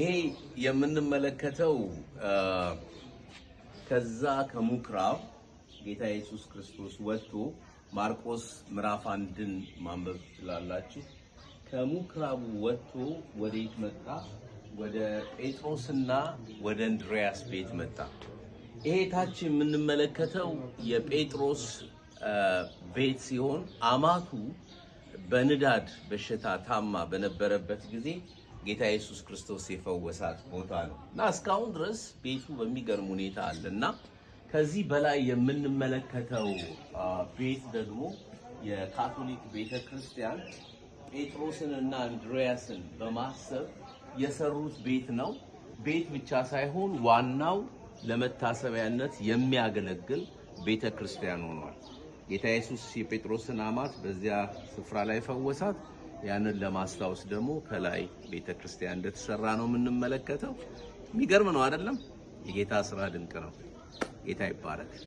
ይሄ የምንመለከተው ከዛ ከምኩራብ ጌታ ኢየሱስ ክርስቶስ ወጥቶ ማርቆስ ምዕራፍ አንድን ማንበብ ትችላላችሁ። ከምኩራቡ ወጥቶ ወዴት መጣ? ወደ ጴጥሮስና ወደ እንድሪያስ ቤት መጣ። ይሄ ታች የምንመለከተው የጴጥሮስ ቤት ሲሆን አማቱ በንዳድ በሽታ ታማ በነበረበት ጊዜ ጌታ ኢየሱስ ክርስቶስ የፈወሳት ቦታ ነው እና እስካሁን ድረስ ቤቱ በሚገርም ሁኔታ አለ እና ከዚህ በላይ የምንመለከተው ቤት ደግሞ የካቶሊክ ቤተ ክርስቲያን ጴጥሮስን እና አንድሪያስን በማሰብ የሰሩት ቤት ነው። ቤት ብቻ ሳይሆን ዋናው ለመታሰቢያነት የሚያገለግል ቤተ ክርስቲያን ሆኗል። ጌታ ኢየሱስ የጴጥሮስን አማት በዚያ ስፍራ ላይ ፈወሳት። ያንን ለማስታወስ ደግሞ ከላይ ቤተ ክርስቲያን እንደተሰራ ነው የምንመለከተው። የሚገርም ነው አይደለም? የጌታ ስራ ድንቅ ነው። ጌታ ይባረክ።